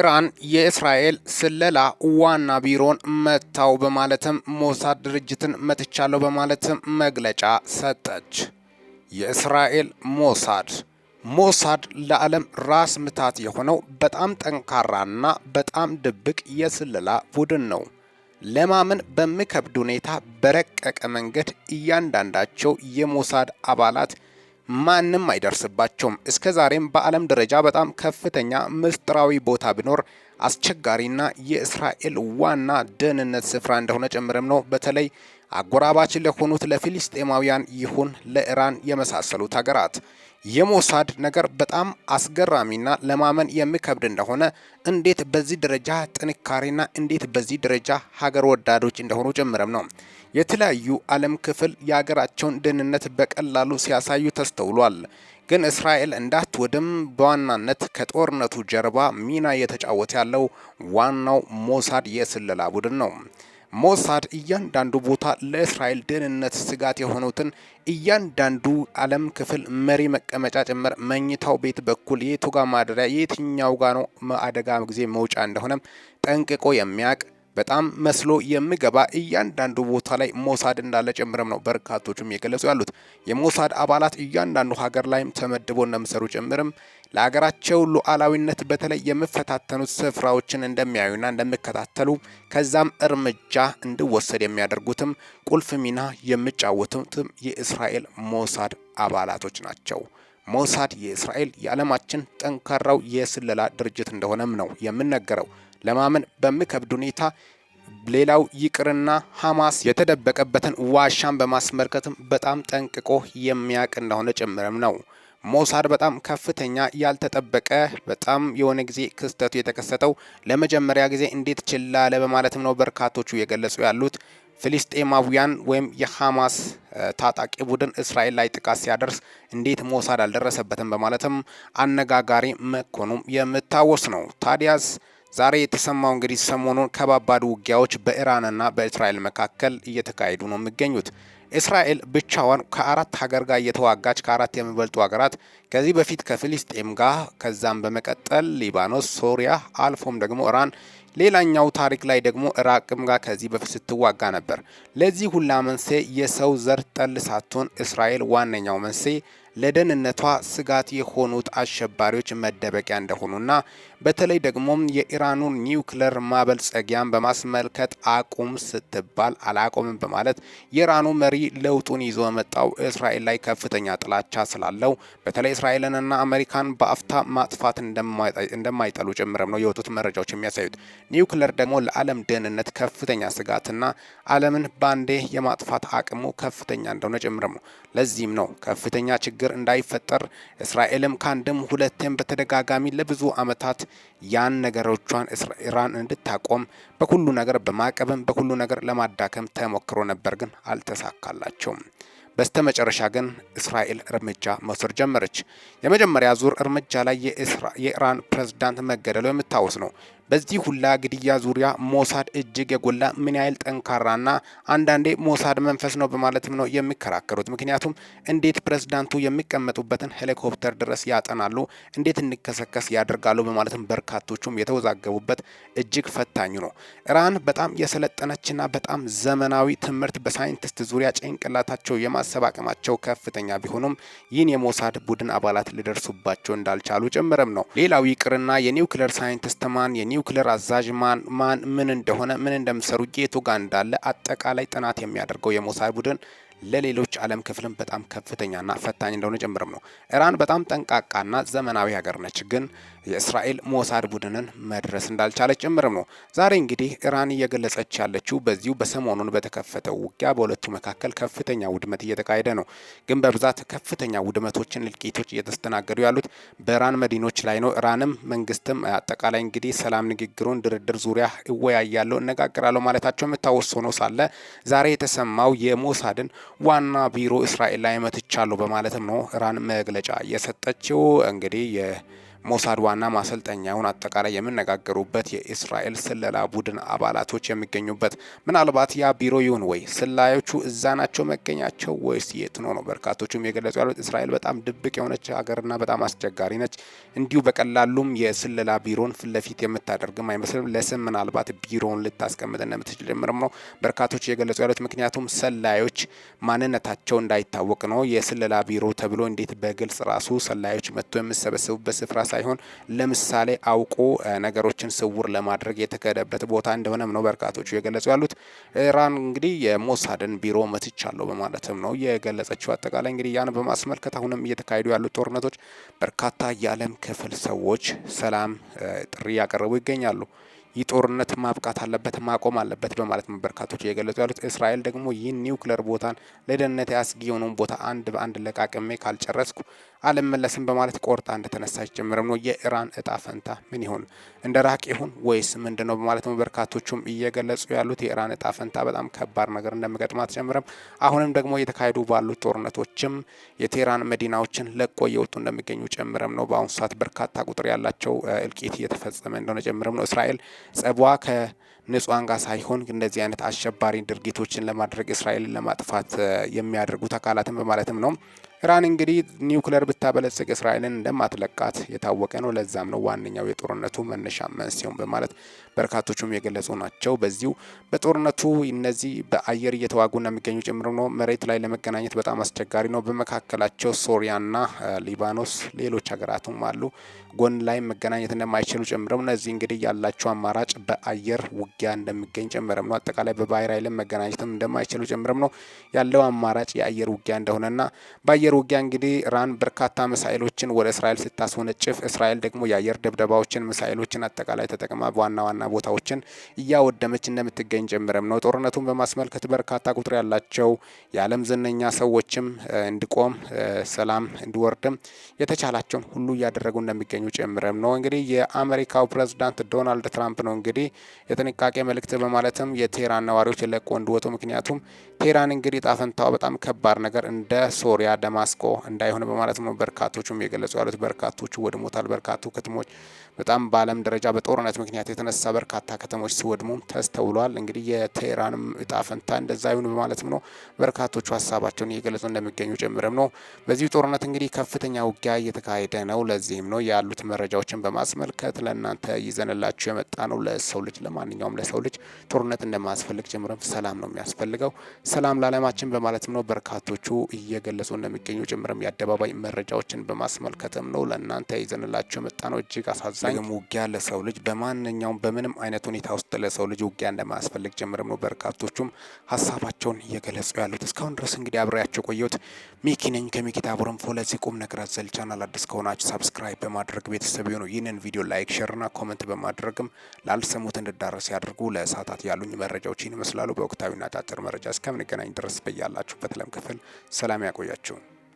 ኢራን የእስራኤል ስለላ ዋና ቢሮን መታው በማለትም ሞሳድ ድርጅትን መትቻለሁ በማለትም መግለጫ ሰጠች። የእስራኤል ሞሳድ ሞሳድ ለዓለም ራስ ምታት የሆነው በጣም ጠንካራና በጣም ድብቅ የስለላ ቡድን ነው። ለማመን በሚከብድ ሁኔታ በረቀቀ መንገድ እያንዳንዳቸው የሞሳድ አባላት ማንም አይደርስባቸውም። እስከ ዛሬም በዓለም ደረጃ በጣም ከፍተኛ ምስጢራዊ ቦታ ቢኖር አስቸጋሪና የእስራኤል ዋና ደህንነት ስፍራ እንደሆነ ጭምርም ነው። በተለይ አጎራባች ለሆኑት ለፊልስጤማውያን ይሁን ለኢራን የመሳሰሉት ሀገራት የሞሳድ ነገር በጣም አስገራሚና ለማመን የሚከብድ እንደሆነ እንዴት በዚህ ደረጃ ጥንካሬና እንዴት በዚህ ደረጃ ሀገር ወዳዶች እንደሆኑ ጭምርም ነው። የተለያዩ ዓለም ክፍል የሀገራቸውን ደህንነት በቀላሉ ሲያሳዩ ተስተውሏል። ግን እስራኤል እንዳትወድም በዋናነት ከጦርነቱ ጀርባ ሚና እየተጫወተ ያለው ዋናው ሞሳድ የስለላ ቡድን ነው። ሞሳድ እያንዳንዱ ቦታ ለእስራኤል ደህንነት ስጋት የሆኑትን እያንዳንዱ ዓለም ክፍል መሪ መቀመጫ ጭምር መኝታው ቤት በኩል የቱ ማደሪያ የትኛው ጋ ነው አደጋ ጊዜ መውጫ እንደሆነም ጠንቅቆ የሚያውቅ በጣም መስሎ የሚገባ እያንዳንዱ ቦታ ላይ ሞሳድ እንዳለ ጭምርም ነው በርካቶቹም የገለጹ ያሉት። የሞሳድ አባላት እያንዳንዱ ሀገር ላይም ተመድቦ እንደሚሰሩ ጭምርም ለሀገራቸው ሉዓላዊነት በተለይ የሚፈታተኑት ስፍራዎችን እንደሚያዩና እንደሚከታተሉ ከዛም እርምጃ እንዲወሰድ የሚያደርጉትም ቁልፍ ሚና የሚጫወቱትም የእስራኤል ሞሳድ አባላቶች ናቸው። ሞሳድ የእስራኤል የዓለማችን ጠንካራው የስለላ ድርጅት እንደሆነም ነው የምነገረው። ለማመን በሚከብድ ሁኔታ ሌላው ይቅርና ሐማስ የተደበቀበትን ዋሻን በማስመልከትም በጣም ጠንቅቆ የሚያቅ እንደሆነ ጭምርም ነው። ሞሳድ በጣም ከፍተኛ ያልተጠበቀ በጣም የሆነ ጊዜ ክስተቱ የተከሰተው ለመጀመሪያ ጊዜ እንዴት ችላለ በማለትም ነው በርካቶቹ የገለጹ ያሉት። ፍልስጤማውያን ወይም የሐማስ ታጣቂ ቡድን እስራኤል ላይ ጥቃት ሲያደርስ እንዴት ሞሳድ አልደረሰበትም በማለትም አነጋጋሪ መኮኑም የሚታወስ ነው። ታዲያስ ዛሬ የተሰማው እንግዲህ ሰሞኑን ከባባድ ውጊያዎች በኢራንና በእስራኤል መካከል እየተካሄዱ ነው የሚገኙት። እስራኤል ብቻዋን ከአራት ሀገር ጋር እየተዋጋች ከአራት የሚበልጡ ሀገራት ከዚህ በፊት ከፊልስጤም ጋር ከዛም በመቀጠል ሊባኖስ፣ ሶሪያ አልፎም ደግሞ ኢራን ሌላኛው ታሪክ ላይ ደግሞ ኢራቅም ጋር ከዚህ በፊት ስትዋጋ ነበር። ለዚህ ሁላ መንስኤ የሰው ዘር ጠል ሳትሆን እስራኤል ዋነኛው መንስኤ ለደህንነቷ ስጋት የሆኑት አሸባሪዎች መደበቂያ እንደሆኑና በተለይ ደግሞ የኢራኑን ኒውክለር ማበልጸጊያን በማስመልከት አቁም ስትባል አላቆምም በማለት የኢራኑ መሪ ለውጡን ይዞ መጣው እስራኤል ላይ ከፍተኛ ጥላቻ ስላለው በተለይ እስራኤልንና አሜሪካን በአፍታ ማጥፋት እንደማይጠሉ ጭምርም ነው የወጡት መረጃዎች የሚያሳዩት። ኒውክለር ደግሞ ለዓለም ደህንነት ከፍተኛ ስጋትና ዓለምን ባንዴ የማጥፋት አቅሙ ከፍተኛ እንደሆነ ጭምርም ነው። ለዚህም ነው ከፍተኛ ችግር እንዳይፈጠር እስራኤልም ከአንድም ሁለትም በተደጋጋሚ ለብዙ ዓመታት ያን ነገሮቿን ኢራን እንድታቆም በሁሉ ነገር በማዕቀብም በሁሉ ነገር ለማዳከም ተሞክሮ ነበር፣ ግን አልተሳካላቸውም። በስተ መጨረሻ ግን እስራኤል እርምጃ መውሰድ ጀመረች። የመጀመሪያ ዙር እርምጃ ላይ የኢራን ፕሬዝዳንት መገደሉ የሚታወስ ነው። በዚህ ሁላ ግድያ ዙሪያ ሞሳድ እጅግ የጎላ ምን ያህል ጠንካራና አንዳንዴ ሞሳድ መንፈስ ነው በማለትም ነው የሚከራከሩት። ምክንያቱም እንዴት ፕሬዝዳንቱ የሚቀመጡበትን ሄሊኮፕተር ድረስ ያጠናሉ፣ እንዴት እንከሰከስ ያደርጋሉ በማለትም በርካቶቹም የተወዛገቡበት እጅግ ፈታኙ ነው። ኢራን በጣም የሰለጠነችና በጣም ዘመናዊ ትምህርት በሳይንቲስት ዙሪያ ጭንቅላታቸው የማሰብ አቅማቸው ከፍተኛ ቢሆኑም ይህን የሞሳድ ቡድን አባላት ሊደርሱባቸው እንዳልቻሉ ጭምርም ነው። ሌላው ይቅርና የኒውክሌር ሳይንቲስት ማን ኒውክሌር አዛዥ ማን ማን ምን እንደሆነ ምን እንደምሰሩ የቱ ጋር እንዳለ አጠቃላይ ጥናት የሚያደርገው የሞሳድ ቡድን ለሌሎች ዓለም ክፍልም በጣም ከፍተኛና ፈታኝ እንደሆነ ጭምርም ነው። ኢራን በጣም ጠንቃቃና ዘመናዊ ሀገር ነች፣ ግን የእስራኤል ሞሳድ ቡድንን መድረስ እንዳልቻለች ጭምርም ነው። ዛሬ እንግዲህ ኢራን እየገለጸች ያለችው በዚሁ በሰሞኑን በተከፈተው ውጊያ በሁለቱ መካከል ከፍተኛ ውድመት እየተካሄደ ነው፣ ግን በብዛት ከፍተኛ ውድመቶችን፣ እልቂቶች እየተስተናገዱ ያሉት በኢራን መዲኖች ላይ ነው። ኢራንም መንግስትም አጠቃላይ እንግዲህ ሰላም ንግግሩን ድርድር ዙሪያ እወያያለሁ፣ እነጋግራለሁ ማለታቸው የምታወስ ሆኖ ሳለ ዛሬ የተሰማው የሞሳድን ዋና ቢሮ እስራኤል ላይ መትቻለሁ በማለትም ነው ኢራን መግለጫ የሰጠችው። እንግዲህ ሞሳድ ዋና ማሰልጠኛውን አጠቃላይ የምነጋገሩበት የእስራኤል ስለላ ቡድን አባላቶች የሚገኙበት ምናልባት ያ ቢሮ ይሁን ወይ ስላዮቹ እዛ ናቸው መገኛቸው ወይስ የት ነው ነው በርካቶቹም የገለጹ ያሉት። እስራኤል በጣም ድብቅ የሆነች ሀገርና በጣም አስቸጋሪ ነች። እንዲሁ በቀላሉም የስለላ ቢሮን ፊት ለፊት የምታደርግም አይመስልም። ለስም ምናልባት ቢሮውን ልታስቀምጥ እንደምትችል ጀምርም ነው በርካቶች የገለጹ ያሉት። ምክንያቱም ሰላዮች ማንነታቸው እንዳይታወቅ ነው የስለላ ቢሮ ተብሎ እንዴት በግልጽ ራሱ ሰላዮች መጥቶ የምሰበሰቡበት ስፍራ ሳይሆን ለምሳሌ አውቆ ነገሮችን ስውር ለማድረግ የተከደበት ቦታ እንደሆነም ነው በርካቶቹ የገለጹ ያሉት። ኢራን እንግዲህ የሞሳድን ቢሮ መትቻለሁ በማለትም ነው የገለጸችው። አጠቃላይ እንግዲህ ያን በማስመልከት አሁንም እየተካሄዱ ያሉት ጦርነቶች በርካታ የዓለም ክፍል ሰዎች ሰላም ጥሪ ያቀረቡ ይገኛሉ። ይህ ጦርነት ማብቃት አለበት፣ ማቆም አለበት በማለት በርካቶች እየገለጹ ያሉት። እስራኤል ደግሞ ይህን ኒውክለር ቦታን ለደህንነት አስጊ የሆነውን ቦታ አንድ በአንድ ለቃቅሜ ካልጨረስኩ አልመለስም በማለት ቆርጣ እንደተነሳች ጀምረም ነው። የኢራን እጣ ፈንታ ምን ይሆን? እንደ ራቅ ይሁን ወይስ ምንድን ነው በማለት በርካቶቹም እየገለጹ ያሉት። የኢራን እጣ ፈንታ በጣም ከባድ ነገር እንደሚገጥማት ጀምረም አሁንም ደግሞ እየተካሄዱ ባሉት ጦርነቶችም የቴህራን መዲናዎችን ለቆ እየወጡ እንደሚገኙ ጨምርም ነው። በአሁኑ ሰዓት በርካታ ቁጥር ያላቸው እልቂት እየተፈጸመ እንደሆነ ጨምረም ነው እስራኤል ጸቧ ከንጹሃን ጋር ሳይሆን እንደዚህ አይነት አሸባሪ ድርጊቶችን ለማድረግ እስራኤልን ለማጥፋት የሚያደርጉት አካላትን በማለትም ነው ኢራን እንግዲህ ኒውክለር ብታበለጽግ እስራኤልን እንደማትለቃት የታወቀ ነው። ለዛም ነው ዋነኛው የጦርነቱ መነሻ መንስኤውን በማለት በርካቶቹም የገለጹ ናቸው። በዚሁ በጦርነቱ እነዚህ በአየር እየተዋጉና የሚገኙ ጭምር ነው። መሬት ላይ ለመገናኘት በጣም አስቸጋሪ ነው። በመካከላቸው ሶሪያና ሊባኖስ ሌሎች ሀገራትም አሉ። ጎን ላይ መገናኘት እንደማይችሉ ጭምርም ነው። እዚህ እንግዲህ ያላቸው አማራጭ በአየር ውጊያ እንደሚገኝ ጭምርም ነው። አጠቃላይ በባህር ኃይልም መገናኘትም እንደማይችሉ ጭምርም ነው ያለው አማራጭ የአየር ውጊያ እንደሆነና በአየር በአየር ውጊያ እንግዲህ ኢራን በርካታ ሚሳኤሎችን ወደ እስራኤል ስታስወነጭፍ፣ እስራኤል ደግሞ የአየር ድብደባዎችን፣ ሚሳኤሎችን አጠቃላይ ተጠቅማ ዋና ዋና ቦታዎችን እያወደመች እንደምትገኝ ጀምረም ነው። ጦርነቱን በማስመልከት በርካታ ቁጥር ያላቸው የዓለም ዝነኛ ሰዎችም እንዲቆም ሰላም እንዲወርድም የተቻላቸውን ሁሉ እያደረጉ እንደሚገኙ ጭምርም ነው። እንግዲህ የአሜሪካው ፕሬዝዳንት ዶናልድ ትራምፕ ነው እንግዲህ የጥንቃቄ መልእክት በማለትም የቴህራን ነዋሪዎች ለቆ እንዲወጡ ምክንያቱም ቴህራን እንግዲህ ጣፈንታዋ በጣም ከባድ ነገር እንደ ሶሪያ ደማ ማስኮ እንዳይሆነ በማለት ነው በርካቶቹም የገለጹ ያሉት። በርካቶቹ ወድሞታል። በርካቱ ከተሞች በጣም በዓለም ደረጃ በጦርነት ምክንያት የተነሳ በርካታ ከተሞች ሲወድሙ ተስተውሏል። እንግዲህ የቴህራንም እጣ ፈንታ እንደዛ ይሁን በማለትም ነው በርካቶቹ ሀሳባቸውን እየገለጹ እንደሚገኙ ጭምርም ነው። በዚህ ጦርነት እንግዲህ ከፍተኛ ውጊያ እየተካሄደ ነው። ለዚህም ነው ያሉት መረጃዎችን በማስመልከት ለእናንተ ይዘንላችሁ የመጣ ነው። ለሰው ልጅ ለማንኛውም ለሰው ልጅ ጦርነት እንደማያስፈልግ ጭምርም ሰላም ነው የሚያስፈልገው፣ ሰላም ለዓለማችን በማለትም ነው በርካቶቹ እየገለጹ እንደሚ የሚገኙ ጭምርም የአደባባይ መረጃዎችን በማስመልከትም ነው ለእናንተ ይዘንላቸው የመጣ ነው። እጅግ አሳዛኝ ውጊያ ለሰው ልጅ በማንኛውም በምንም አይነት ሁኔታ ውስጥ ለሰው ልጅ ውጊያ እንደማያስፈልግ ጭምርም ነው በርካቶቹም ሀሳባቸውን እየገለጹ ያሉት። እስካሁን ድረስ እንግዲህ አብሬያቸው ቆየሁት ሚኪ ነኝ ከሚኪታ ቦረንፎ። ለዚህ ቁም ነገር አዘል ቻናል አዲስ ከሆናችሁ ሰብስክራይብ በማድረግ ቤተሰብ የሆኑ ይህንን ቪዲዮ ላይክ፣ ሼርና ኮመንት በማድረግም ላልሰሙት እንድዳረስ ያድርጉ። ለእሳታት ያሉኝ መረጃዎች ይህን ይመስላሉ። በወቅታዊና አጫጭር መረጃ እስከምንገናኝ ድረስ በያላችሁበት ለም ክፍል ሰላም ያቆያችሁን።